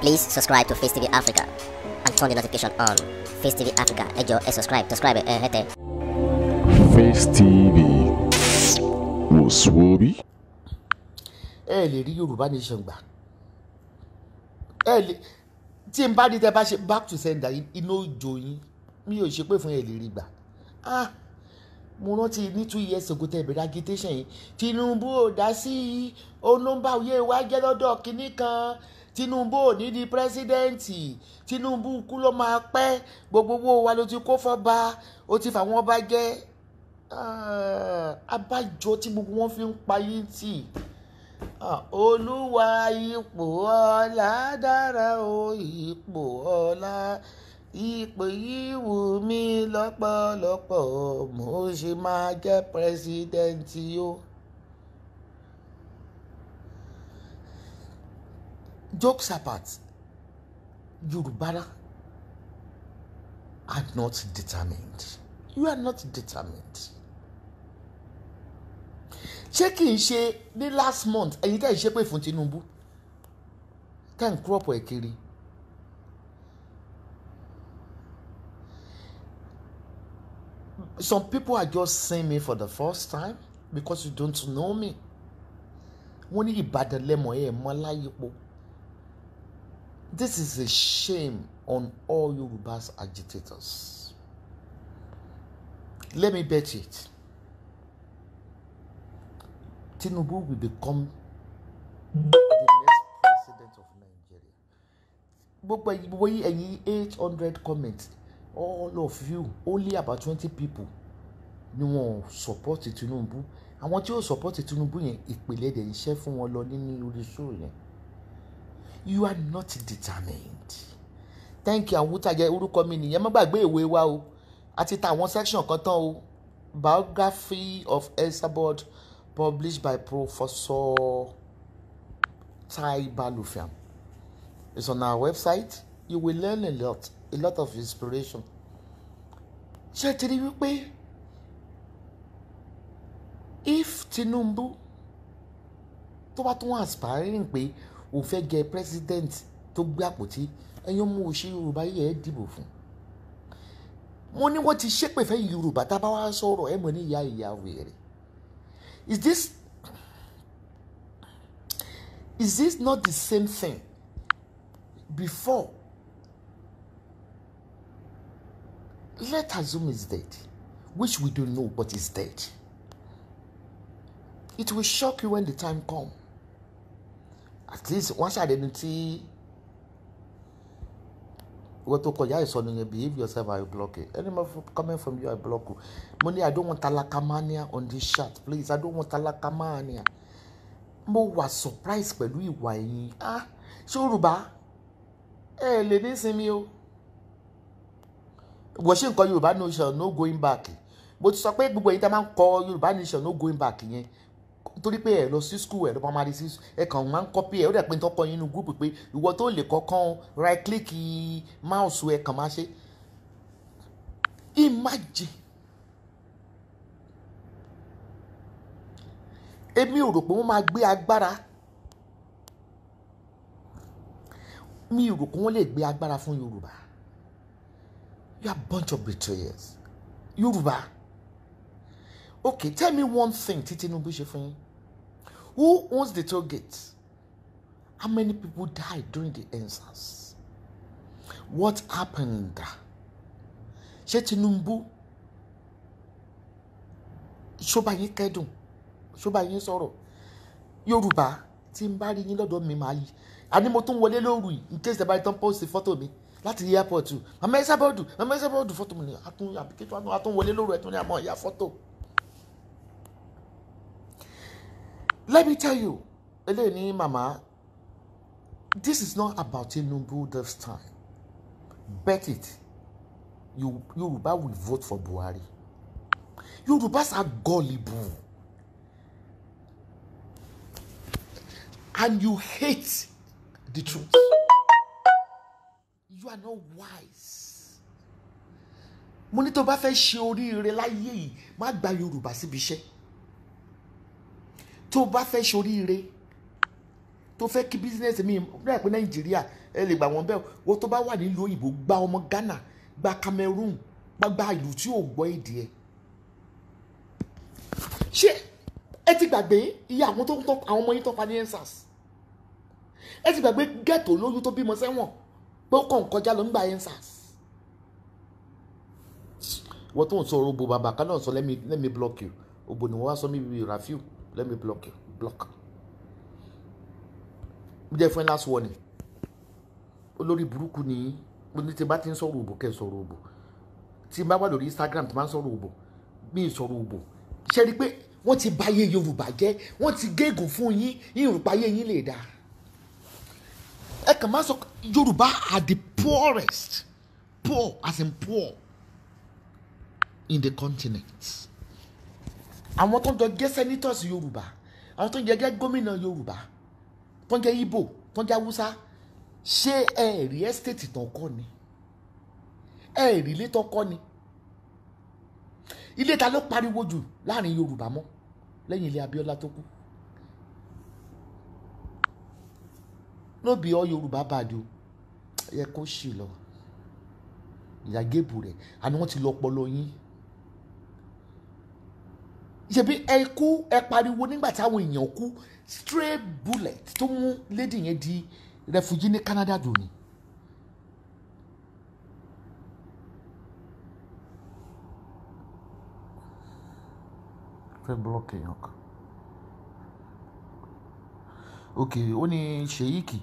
Please subscribe to Face TV Africa and turn the notification on. Face TV Africa, ẹ jọ̀ọ́ subscribe, subscribe ẹ hẹ́tẹ̀. Face TV wò Eh, orí. Ẹ lè rí Yorùbá Eh, gbà. Ẹ lè tí n bá back to sender inú òjò yín mi ò ṣe pé fún ẹ lè rí Ah mo rántí ní two years ago tẹ ìbẹ̀rẹ̀ agitation yìí Tinubu ò dá sí i òun ló ń bá òye ìwà lọ́dọ̀ kínní kan Tinubu ò ní di pírẹsidẹ́ǹtì Tinubu kú ló máa pẹ́ gbogbo owó wa ló ti kó fọ́ba ó ti fà wọ́n bá jẹ́ ah, abájọ tí gbogbo wọn fi ń payé tì ah, olúwa ipò ọlá dára o ipò ọlá ipò yìí wù mí lọ́pọ̀lọpọ̀ mo ṣe máa jẹ́ pírẹsidẹ́ǹtì o. jokes apart yorùbá are not determined you are not determined Check in í ṣe ní last month ẹ̀yin tẹ́ ẹ̀ ṣépè fún Tinubu tẹ́ ń kúrọ̀pọ̀ ẹ̀ kiri some people are just seeing me for the first time because you don't know me wọ́n ní Ìbàdàn lẹ́mọ̀ ẹ̀ mọ́ láyé po. This is a shame on all Yoruba's agitators. Let me bet it. Tinubu will become the next president of Nigeria. Gbogbo gbogbo yìí ẹ̀yin eight hundred comments all of you only about twenty people ni wọn ò support Tinubu. Àwọn tí ó support Tinubu yẹn ìpìlẹ̀ dẹ̀ ń ṣẹ́ fún wọn lọ nínú orí show yẹn you are not determined thank you Awutaye orúkọ mi nìyẹn má gbàgbé ìwé wa o àti tàwọn section kan tán o biography of Elizabeth, published by Professor Tai Balufem it's on our website you will learn a lot a lot of inspiration ṣé ti rí wípé if Tinubu tó bá tún aspiring pé ò fẹ́ jẹ president tó gbé àpótí ẹ̀yin ọmọ òṣèré yorùbá yìí ẹ̀ dìbò fún mo ní wọ́n ti ṣépè fẹ́ yorùbá tá a bá wá sọ̀rọ̀ ẹ̀ mọ̀ ní ìyá ìyá wèrè is this is this not the same thing before let's assume it's dead which we don't know but it's dead it will shock you when the time come at least wọ́n ṣàdénú tí wọ́n tó kọjá ìsọnù yẹn behave yourself I block it. any more coming from you I block you mo ní I don't want talakamania on this chat please I don't want talakamania mo wà surprise pẹ̀lú ìwà ẹ̀yìn ah ṣé Yorùbá ẹ lè ní sinmi o wọ́n ṣe nǹkan Yorùbá nation no going back mo ti sọ pé gbogbo ẹ̀yin tá a máa ń kọ Yorùbá nation no going back yẹn torí pé ẹ lọ sí school ẹ lọ primary sí ẹ kàn máa ń kọ́pì ẹ ó dẹ̀ pé ń tọ́kọ yín nínú gúrúùpù pé ìwọ tó lè kọ́kàn right click mouse ẹ kàn máa ṣe imagine èmi ò rò pé wọ́n máa gbé agbára mi ò rò pé wọ́n lè gbé agbára fún Yorùbá you are bunch of betrayers Yorùbá okay tell me one thing tí Tinubu ṣe fún yín. Who owns the toll gates? How many people died during the census? What happened? Shetinumbu, Tinubu ṣọba yín kẹ́dùn ṣọba yín sọ̀rọ̀ Yorùbá tí ń bá rí yín lọ́dọ̀ mi máa yí àní mo tún wọlé lóru yìí in case the by tán post fọ́tò mi láti airport mama ẹ sábọ́ọ̀dù mama ẹ sábọ́ọ̀dù fọ́tò mi ni àtún àbíkẹ́tù àtún wọlé lóru ẹ̀ tún ní àmọ́ ìyá fọ́tò. let me tell you eléyìí ní màmá this is not about Tinubu this time bet it you Yoruba will vote for Buhari Yorubas are gullible and you hate the truth you are not wise mo ní tó bá fẹ́ ṣe oríire láyé yìí má gba Yorùbá síbi iṣẹ́ tó bá fẹ́ ṣoríire tó fẹ́ kí bísínẹ́sì mi rẹ̀ pé nàìjíríà ẹ lè gbà wọ́n bẹ́ẹ̀ wọ́n tó bá wà nílùú òyìnbó gba ọmọ ghana gba cameroon gba ìlú tí ò gbọ́ èdè ẹ̀ ṣé ẹ ti gbàgbé iye àwọn tó ń tọ́ àwọn ọmọ yín tó pa ní ensars ẹ ti gbàgbé gẹ́tò lóyún tó bímọ sẹ́wọ̀n pé ó kàn kọjá lọ nígbà ensars wọ́n tó ń sọ orogbo bàbá kan náà sọ let me let me block you ògbò ni wọ́n wá sọ mí rafiu let me block you block mi jẹ́ fún ẹ last warning olórí burúkú ni mo ní tí bá ti ń sọ̀rọ̀ òbò kẹ́ ẹ sọ̀rọ̀ òbò tí bá wà lórí Instagram tí bá ń sọ̀rọ̀ òbò mi ń sọ̀rọ̀ òbò ṣe rí i pé wọ́n ti báyé Yorùbá jẹ́ wọ́n ti gégùn fún yín Yorùbá yé yín lè dáa ẹ kàn máa sọ Yorùbá are the poorest poor as in poor in the continent àwọn tó ń jọ jẹ́ senators yorùbá àwọn tó ń jẹ jẹ́ gómìnà yorùbá tó ń jẹ́ ibo tó ń jẹ́ haúsá ṣé ẹ rí estate tán kọ́ ni ẹ rí ilé tán kọ́ ni ilé ta ló pariwo jù láàrin yorùbá mọ́ lẹ́yìn ilé abíọ́lá tó kú lóbi ọ yorùbá bàjọ yẹ kó ṣì lọ ìyá gébù rẹ àni wọn ti lọ ọpọlọ yín ṣebí ẹ kú ẹ pariwo nígbà táwọn èèyàn kú stray bullet tó mú lady yẹn di refugee ní Canada dùn ni. fẹ́ blọ́ọ̀kì èèyàn kan ok ó ní Sheikh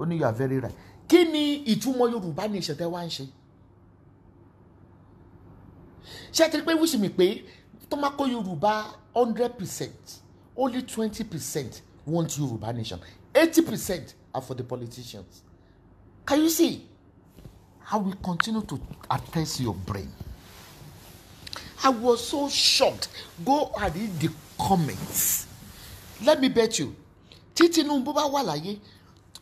ó ní you very right kí ni ìtumọ̀ Yorùbá ní ìṣẹ̀tẹ̀ wá ń ṣe ṣé ẹ ti pé wíṣìmì pé tó máa yorùbá hundred percent only twenty percent want yorùbá nation eighty percent are for the politicians can you see how we continue to attest your brain i was so shocked go and read the comments let me bet you tí tinubu bá wà láyé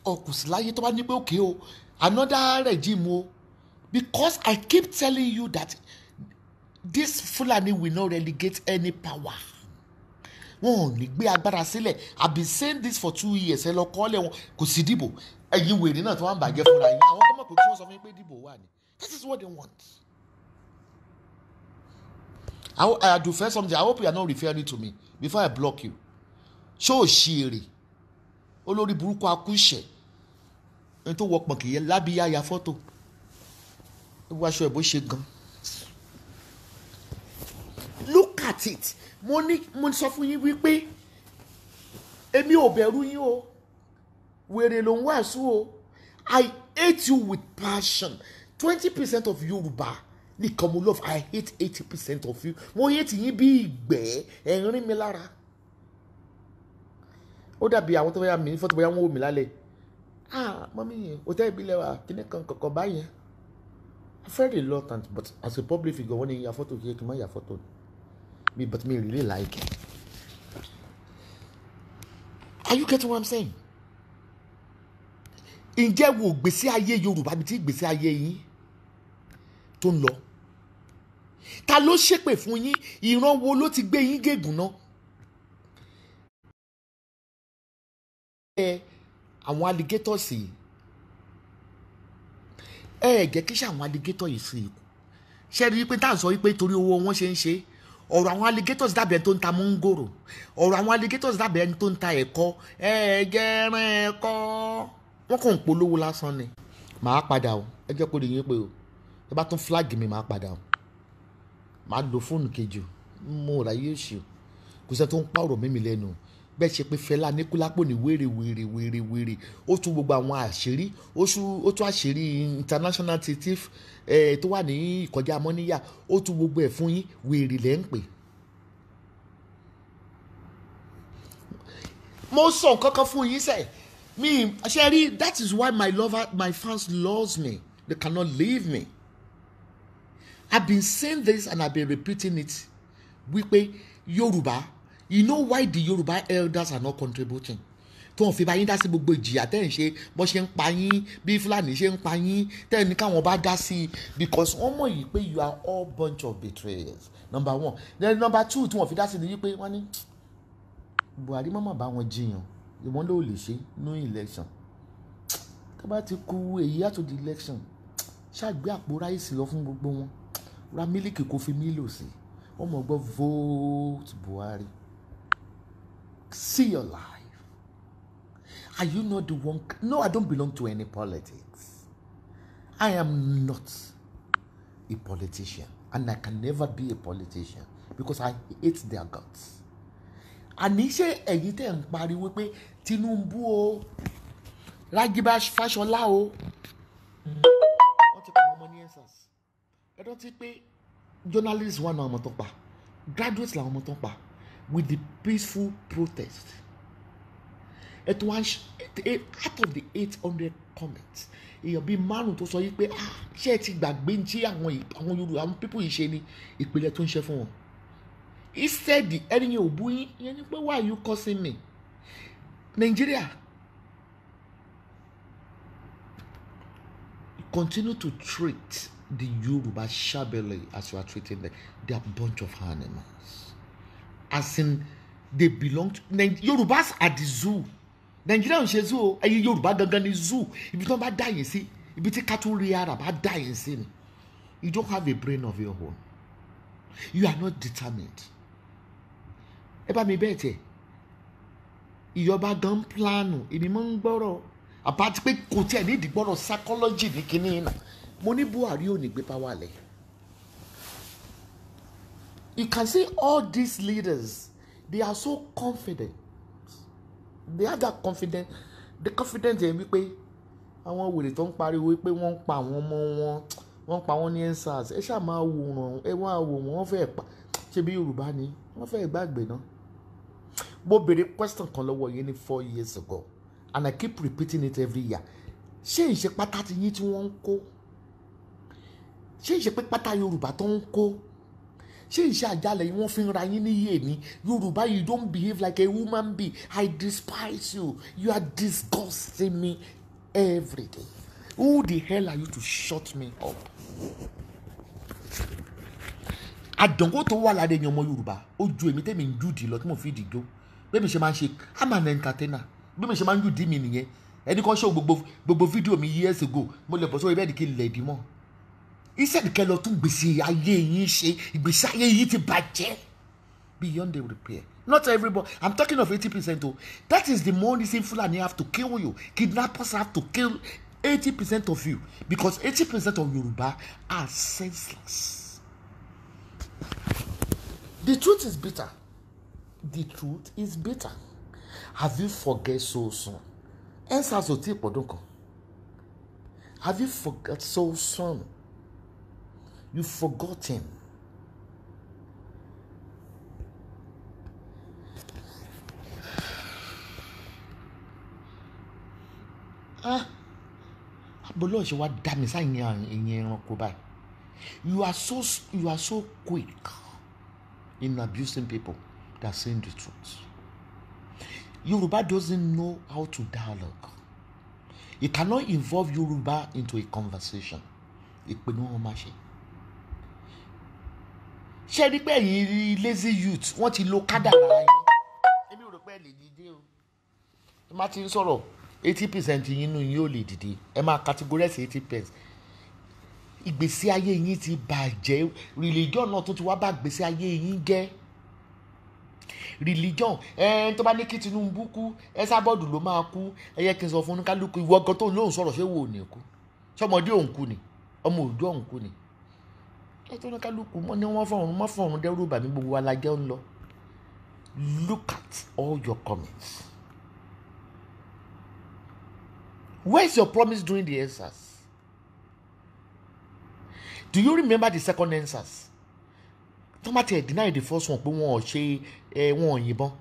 ọkùsì láyé tó bá ní òkè o another regime o because i keep telling you that this Fulani will not relegate any power wọn ò ní gbé agbára sílẹ̀ I been saying this for two years ẹ lọ kọ́lẹ̀ wọn kò sí dìbò ẹ̀yin wèrè náà tí wọ́n ń bàjẹ́ fúnra yín àwọn gómìnà kò tí wọ́n sọ fún pé dìbò wà ní this is what they want. I, I do first something I hope you are not referring to me before I block you. ṣé ò ṣe èrè olórí burúkú akúṣẹ̀ ẹni tó wọ pọ̀nkì yẹn lábíyá ya fọ́tò ewu aṣọ ẹ̀ bó ṣe gan at it mo ní mo sọ fún yín wípé èmi ò bẹ̀rù yín o wèrè ló ń wàásù o I hate you with passion twenty percent of Yorùbá nìkan mo love I hate eighty percent of you mo hate yín bí ìgbẹ́ ẹ̀rín mi lára ó dàbí àwọn tó fẹ́ yà mí fọ́tò bóyá wọ́n wò mí lálẹ́ ah mọ́mí hòtẹ́ẹ̀lì ìbílẹ̀ wa kíní kan kọ̀ọ̀kan báyẹn I feel reluctant but as a public figure wọ́n ní ìyá fọ́tò kí ẹ kí n má ìyá fọ́tò ni me, but me really like it. Are you getting what I'm saying? Ǹjẹ́ wo gbèsè ayé Yorùbá bíi ti gbèsè ayé yín tó ń lọ? Ta ló ṣépè fún yín? Ìran wo ló ti gbé yín gègùn náà? Ẹ àwọn alligators yìí ẹ jẹ́ kí ṣe àwọn alligators yìí sí ikú ṣe rí i pé tá à ń sọ wípé torí owó wọn ṣe ń ṣe é ọ̀rọ̀ àwọn alligators dàbẹ̀ tó ń ta mọ́ngòrò ọ̀rọ̀ àwọn alligators dàbẹ̀ tó ń ta ẹ̀kọ́ ẹ̀ẹ́dẹ́rán ẹ̀kọ́ wọ́n kàn ń polówó lásán ni màá padà o ẹ jẹ́ kó rí yín pé o ẹ bá tún flag mi màá padà o màá lo fóònù kejì o mo ráyè òṣì kò sẹ́ tó ń pààrọ̀ mímí lẹ́nu o bẹ́ẹ̀ ṣe pé Fẹlá Aníkúlápó ní wèrè wèrè wèrè wèrè ó tú gbogbo àwọn àṣírí ó tú àṣírí international titif. tó wà ní ìkọjá amọ́níyà ó tú gbogbo ẹ̀ fún yín wèrè lẹ́ ń pè. mo sọ nǹkan fún yín sẹ́ẹ̀ mi ṣe rí that is why my lover my fans loves me they cannot leave me I've been saying this and I've been repeating it wípé Yorùbá you know why the Yoruba elders are not contributing tí wọ́n fi bá yín dá sí gbogbo ìjìyà tẹ́ ń ṣe bó ṣe ń pa yín bí Fúlàní ṣe ń pa yín tẹ́ ní káwọn bá dá sí i because wọ́n mọ̀ yìí pé you are all bunch of betrayers number one then number two tí wọ́n fi dá sí ni wípé wọ́n ní Buhari má mà bá wọn jiyàn ìwọ́n ló lè ṣe no election tó bá ti ku èyí àtò the election ṣàgbé àpò ráìsì lọ fún gbogbo wọn ra mílíkì kó fi mílò sí ọmọ gbọ́ vote Buhari see your life. Are you not the one? No, I don't belong to any politics. I am not a politician, and I can never be a politician because I hate their guts. àní ṣé ẹ̀yin tẹ̀ ń pariwo pé Tinubu o Rájíbá Fáṣọlá o wọ́n ti pa àwọn ọmọ ní ensas ẹ rántí pé journalist wà náà ọmọ tó pa graduate làwọn ọmọ tó pa with the peaceful protest. It was out of the 800 comments. Èèyàn bíi márùn tó sọ yìí pé ah, ṣé ẹ ti gbàgbé ń ṣe àwọn àwọn Yorùbá àwọn pípò yìí ṣe ni ìpìlẹ̀ tó ń ṣe fún wọn. said, ẹni yẹn ò bú yín yẹn ni pé why are you cursing me? Nigeria continue to treat the Yoruba shabbily as you are treating them. They are a bunch of animals as in they belong to yorùbás at the zoo nàìjíríà ń ṣe zoo o ẹyin yorùbá gangan ni zoo ibi tí wọn bá dá yín sí ibi tí cattle rear bá dá yín sí ni you don't have a brain of your own you are not determined ẹ bá mi bẹ́ẹ̀ tẹ̀ ìyọba gan plánù èmi máa ń gbọ́rọ̀ àbá ti pé kò tí ẹ̀ ní ìdí gbọ́rọ̀ psychology ní kinní náà mo ní buhari ò ní gbé power lẹ̀ You can see all these leaders, they are so confident. They have that confidence, the confidence yẹn wípé àwọn wèrè tó ń pariwo wípé wọ́n ń pa àwọn ọmọ wọn wọ́n ń pa wọ́n ní ensars ẹ ṣáà máa wò wọ́n ẹ wọ́n á wò wọ́n wọ́n fẹ́ pa ṣé bí Yorùbá ni wọ́n fẹ́ gbàgbé náà. Mo béèrè question kan lọ́wọ́ yín ní four years ago and I keep repeating it every year. Ṣé ìṣe pátá ti yín tí wọ́n ń kó? Ṣé ìṣe pé pátá Yorùbá tó ń kó? ṣé ìṣe àjálẹ̀ yìí wọ́n fi ń ra yín níyè ni yorùbá you don't behave like a woman be i despise you you are disgusting me every day who the hell are you to shut me up. àdánwò tó wà lára ẹ̀yìn ọmọ yorùbá ó ju èmi tẹ́mi ń jù lọ tí mo fi dìgbò bẹ́ẹ̀ mi ṣe máa ń ṣe i'm an entertainer bẹ́ẹ̀ mi ṣe máa ń jù dì mí nìyẹn ẹnì kan ṣó gbogbo gbogbo fídíò mi years ago mo lè bọ̀ sórí bẹ́ẹ̀ ni kí n lè dì mọ́ instead kẹ́ lọ tún gbèsè ayé yín ṣe ìgbésí ayé yín ti bàjẹ́ beyond the repair not everybody i'm talking of eighty percent o that is the more reason Fulani have to kill you kidnappers have to kill eighty percent of you because eighty percent of Yoruba are senseless the truth is bitter the truth is bitter have you forget so soon ẹ ṣàṣọ tí ìpọ̀dún kan have you forget so soon. You forgot him. Ah, abolo ṣe wá dá mi sáyẹn ẹ̀yìn ẹranko báyìí. You are so you are so quick in abusing people that saying the truth. Yoruba doesn't know how to dialogue. It cannot involve Yoruba into a conversation. Ìpinnu wọn máa ṣe ṣé rí pé ẹ̀yin lazy youth wọ́n ti lo kádàrá yín èmi ò rò pé ẹ lè dìde o ẹ má ti ń sọ̀rọ̀ eighty percent yín nù yín ò lè dìde ẹ máa categorize eighty percent ìgbésí ayé yín ti bàjẹ́ religion náà tó ti wá bá ìgbésí ayé yín jẹ́ religion ẹn tó bá ní kí Tinubu kú ẹ sábọ́ọ̀dù ló máa kú ẹ yẹ kí n sọ fún oníkálukú ìwọ gan tó ń lóun sọ̀rọ̀ ṣé wò ó ní kú ṣọmọdé òun kú ni ọmọ òòjọ́ òun kú ni ẹjọ́ ní kálukú mọ́ ni wọ́n fọ̀run mọ́ fọ̀run dẹ́rù bàmí gbogbo wa la jẹ́ look at all your comments where is your promise during the answers do you remember the second answers tomati ẹ̀ deny the first one pé wọn ò ṣe ẹ wọn ò yìnbọn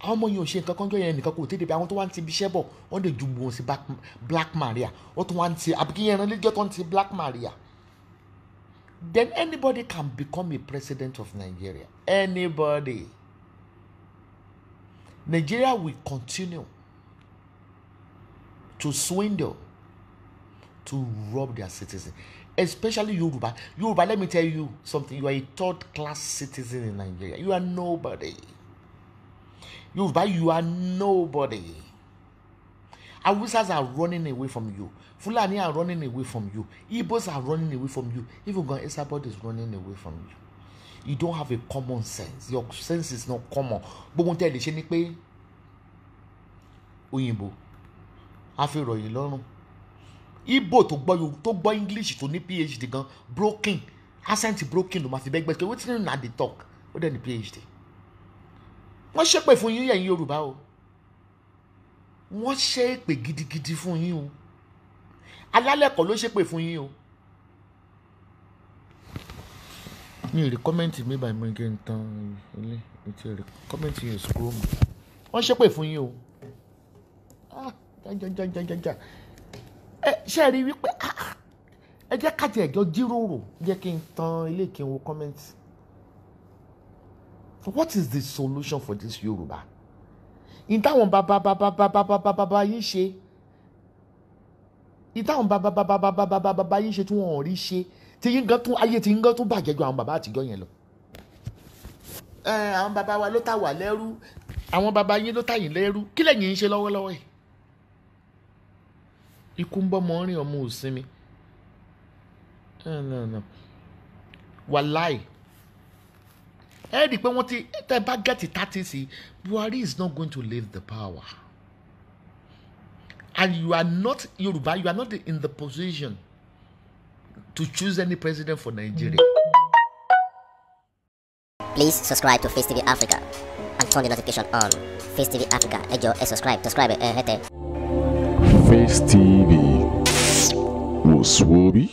àwọn ọmọ yìí ò ṣe nǹkan kan jọ yẹn nìkan kò tètè bí àwọn tó wá ń ti ibiṣẹ́ bọ̀ wọ́n lè ju wọn sí Black Maria wọ́n tó wá ń ti àbíkí yẹn rán lẹ́jọ́ tó ń ti Black Maria then anybody can become a president of Nigeria. Anybody. Nigeria will continue to swindle, to rob their citizens, especially Yoruba. Yoruba, let me tell you something. You are a third class citizen in Nigeria. You are nobody. Yoruba, you are nobody. Awusas are running away from you. Fulani are running away from you. Igbos are running away from you. Even God Esabod is running away from you. You don't have a common sense. Your sense is not common. Gbogbo tẹ́ ẹ lè ṣe ni pé òyìnbó á fi rọ̀ yín lọ́rùn. Igbo tó gbọ́ tó gbọ́ English tó ní PhD gan broken accent broken ló máa fi bẹ́gbẹ́ pé wetin una the talk ó dẹ̀ ní PhD. Wọ́n ṣépè fún yín yẹ̀yìn Yorùbá o wọ́n ṣe èpè gidigidi fún yín o alálẹ̀kọ̀ ló ṣépè fún yín o. mi ò rí kọ́mẹ́ǹtì mi báyìí mo ń gé ń tan ilé ètò rẹ̀ kọ́mẹ́ǹtì yẹn scroll mu wọ́n ṣépè fún yín o. Ah, ẹ ṣe rí wípé ah, ah, ẹ jẹ́ ká jẹ́ ẹ̀jọ́ jíròrò jẹ́ kí n tan ilé kí n wo kọ́mẹ́ǹtì. What is the solution for this Yoruba? in táwọn bàbá bàbá bàbá bàbá bàbá yín ṣe in táwọn bàbá bàbá bàbá bàbá bàbá yín ṣe tí wọn ò rí ṣe tí yín gan tún ayé tí yín gan tún bàjẹ́ ju àwọn bàbá àtijọ́ yẹn lọ. ẹ àwọn bàbá wa ló tà wá lẹ́rú àwọn bàbá yín ló tà yín lẹ́rú kí lẹ́yìn ń ṣe lọ́wọ́lọ́wọ́ yìí. ikú ń bọ́ mọ́ rìn ọmọ òsinmi. wàláì ẹ rí i pé wọ́n ti tẹ́ bá Buhari is not going to leave the power and you are not Yoruba you are not in the position to choose any president for Nigeria. Please subscribe to Face TV Africa and turn the notification on. Face TV Africa, and jọ̀ọ́, ẹ subscribe, subscribe, eh, hete. Face TV, was